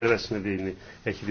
Έχει